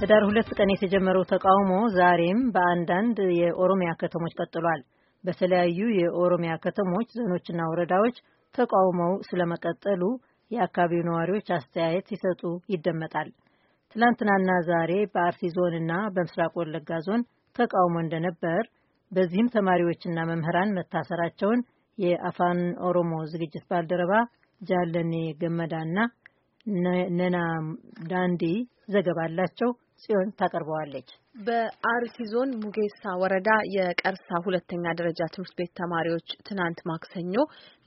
ህዳር ሁለት ቀን የተጀመረው ተቃውሞ ዛሬም በአንዳንድ የኦሮሚያ ከተሞች ቀጥሏል። በተለያዩ የኦሮሚያ ከተሞች ዞኖችና ወረዳዎች ተቃውሞው ስለመቀጠሉ የአካባቢው ነዋሪዎች አስተያየት ሲሰጡ ይደመጣል። ትላንትናና ዛሬ በአርሲ ዞንና በምስራቅ ወለጋ ዞን ተቃውሞ እንደነበር፣ በዚህም ተማሪዎችና መምህራን መታሰራቸውን የአፋን ኦሮሞ ዝግጅት ባልደረባ ጃለኔ ገመዳና ነና ዳንዲ ዘገባ አላቸው። ጽዮን ታቀርበዋለች። በአርሲ ዞን ሙጌሳ ወረዳ የቀርሳ ሁለተኛ ደረጃ ትምህርት ቤት ተማሪዎች ትናንት ማክሰኞ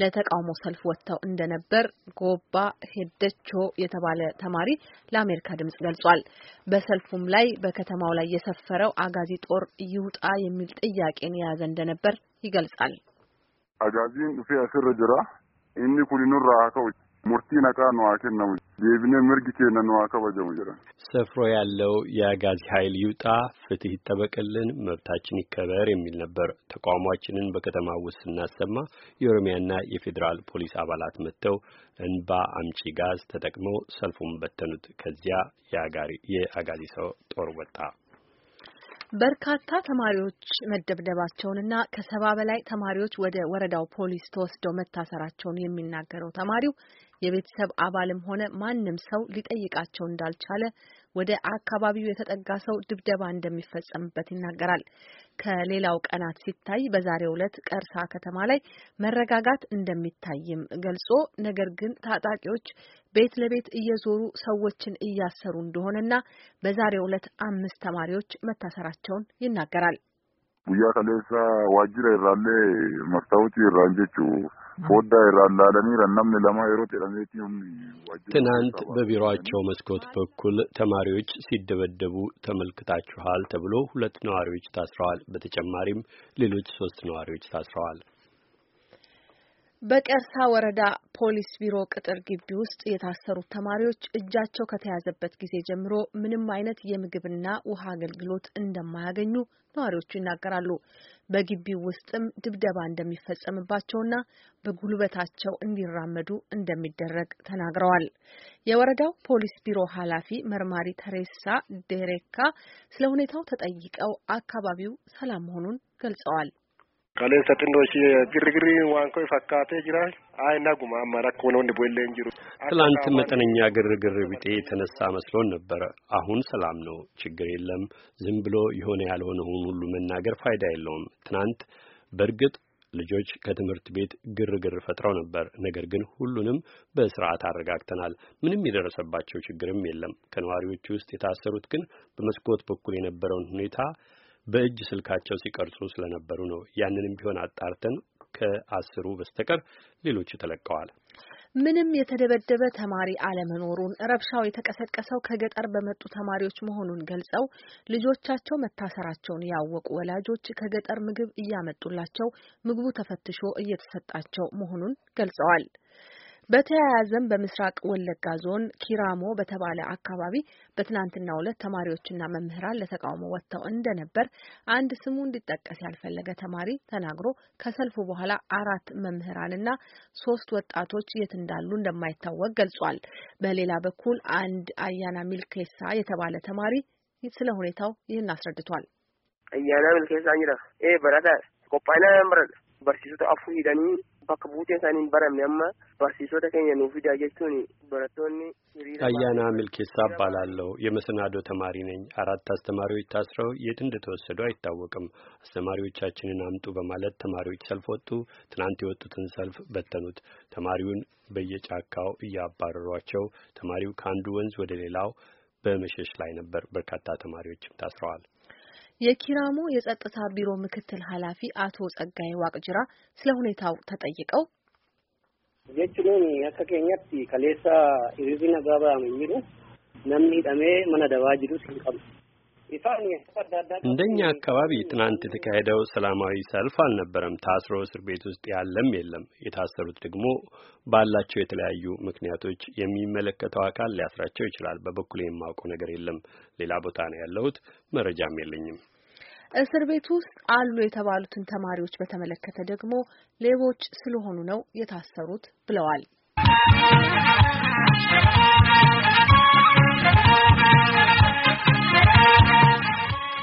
ለተቃውሞ ሰልፍ ወጥተው እንደነበር ጎባ ሄደቾ የተባለ ተማሪ ለአሜሪካ ድምጽ ገልጿል። በሰልፉም ላይ በከተማው ላይ የሰፈረው አጋዚ ጦር ይውጣ የሚል ጥያቄን የያዘ እንደነበር ይገልጻል። አጋዚን ፌ ስር ጅራ ኢኒ ኩሊኑራ ከውጭ ሙርቲ ነቃ ነው ጀብነ ምርግቴ ነነዋ ከበጀሙ ጅራ ሰፍሮ ያለው የአጋዚ ኃይል ይውጣ፣ ፍትህ ይጠበቅልን፣ መብታችን ይከበር የሚል ነበር። ተቃውሟችንን በከተማ ውስጥ ስናሰማ የኦሮሚያና የፌዴራል ፖሊስ አባላት መጥተው እንባ አምጪ ጋዝ ተጠቅመው ሰልፉን በተኑት። ከዚያ የአጋዚ ሰው ጦር ወጣ። በርካታ ተማሪዎች መደብደባቸውንና ከሰባ በላይ ተማሪዎች ወደ ወረዳው ፖሊስ ተወስደው መታሰራቸውን የሚናገረው ተማሪው የቤተሰብ አባልም ሆነ ማንም ሰው ሊጠይቃቸው እንዳልቻለ ወደ አካባቢው የተጠጋ ሰው ድብደባ እንደሚፈጸምበት ይናገራል። ከሌላው ቀናት ሲታይ በዛሬው ዕለት ቀርሳ ከተማ ላይ መረጋጋት እንደሚታይም ገልጾ ነገር ግን ታጣቂዎች ቤት ለቤት እየዞሩ ሰዎችን እያሰሩ እንደሆነና በዛሬው ዕለት አምስት ተማሪዎች መታሰራቸውን ይናገራል። ጉያ ከሌሳ ዋጅረ ይራሌ መስታወት ይራንጀቹ ትናንት በቢሮአቸው መስኮት በኩል ተማሪዎች ሲደበደቡ ተመልክታችኋል ተብሎ ሁለት ነዋሪዎች ታስረዋል። በተጨማሪም ሌሎች ሶስት ነዋሪዎች ታስረዋል። በቀርሳ ወረዳ ፖሊስ ቢሮ ቅጥር ግቢ ውስጥ የታሰሩት ተማሪዎች እጃቸው ከተያዘበት ጊዜ ጀምሮ ምንም አይነት የምግብና ውሃ አገልግሎት እንደማያገኙ ነዋሪዎቹ ይናገራሉ። በግቢው ውስጥም ድብደባ እንደሚፈጸምባቸውና በጉልበታቸው እንዲራመዱ እንደሚደረግ ተናግረዋል። የወረዳው ፖሊስ ቢሮ ኃላፊ መርማሪ ተሬሳ ዴሬካ ስለ ሁኔታው ተጠይቀው አካባቢው ሰላም መሆኑን ገልጸዋል። Qalleensa xinnoo ishee waan koo fakkaatee jira. Ayi naguma amma rakkoon hundi bu'ellee hin jiru. ትላንት መጠነኛ ግርግር ቢጤ የተነሳ መስሎን ነበር። አሁን ሰላም ነው፣ ችግር የለም። ዝም ብሎ የሆነ ያልሆነውን ሁሉ መናገር ፋይዳ የለውም። ትናንት በእርግጥ ልጆች ከትምህርት ቤት ግርግር ፈጥረው ነበር። ነገር ግን ሁሉንም በስርዓት አረጋግተናል። ምንም የደረሰባቸው ችግርም የለም። ከነዋሪዎች ውስጥ የታሰሩት ግን በመስኮት በኩል የነበረውን ሁኔታ በእጅ ስልካቸው ሲቀርጹ ስለነበሩ ነው። ያንንም ቢሆን አጣርተን ከአስሩ በስተቀር ሌሎቹ ተለቀዋል። ምንም የተደበደበ ተማሪ አለመኖሩን ረብሻው የተቀሰቀሰው ከገጠር በመጡ ተማሪዎች መሆኑን ገልጸው ልጆቻቸው መታሰራቸውን ያወቁ ወላጆች ከገጠር ምግብ እያመጡላቸው ምግቡ ተፈትሾ እየተሰጣቸው መሆኑን ገልጸዋል። በተያያዘም በምስራቅ ወለጋ ዞን ኪራሞ በተባለ አካባቢ በትናንትናው ዕለት ተማሪዎችና መምህራን ለተቃውሞ ወጥተው እንደነበር አንድ ስሙ እንዲጠቀስ ያልፈለገ ተማሪ ተናግሮ ከሰልፉ በኋላ አራት መምህራንና ሶስት ወጣቶች የት እንዳሉ እንደማይታወቅ ገልጿል። በሌላ በኩል አንድ አያና ሚልኬሳ የተባለ ተማሪ ስለ ሁኔታው ይህን አስረድቷል። አያና ሚልኬሳ bakka buutee isaanii hin baramne amma barsiisota keenya nuuf fidaa jechuun barattoonni Ayyaana Milkeessaa Abbaalaloo የመሰናዶ ተማሪ ነኝ። አራት አስተማሪዎች ታስረው የት እንደተወሰዱ አይታወቅም። አስተማሪዎቻችንን አምጡ በማለት ተማሪዎች ሰልፍ ወጡ። ትናንት የወጡትን ሰልፍ በተኑት። ተማሪውን በየጫካው እያባረሯቸው፣ ተማሪው ከአንዱ ወንዝ ወደ ሌላው በመሸሽ ላይ ነበር። በርካታ ተማሪዎችም ታስረዋል። የኪራሞ የጸጥታ ቢሮ ምክትል ኃላፊ አቶ ጸጋይ ዋቅጅራ ስለ ሁኔታው ተጠይቀው ጀችኑን ከኬኛት ከሌሳ ሪዝና ጋባ የሚሉ ነምኒ ሂደሜ መነደባ ጅዱ ሲንቀም እንደኛ አካባቢ ትናንት የተካሄደው ሰላማዊ ሰልፍ አልነበረም። ታስሮ እስር ቤት ውስጥ ያለም የለም። የታሰሩት ደግሞ ባላቸው የተለያዩ ምክንያቶች የሚመለከተው አካል ሊያስራቸው ይችላል። በበኩል የማውቀው ነገር የለም። ሌላ ቦታ ነው ያለሁት፣ መረጃም የለኝም። እስር ቤት ውስጥ አሉ የተባሉትን ተማሪዎች በተመለከተ ደግሞ ሌቦች ስለሆኑ ነው የታሰሩት ብለዋል።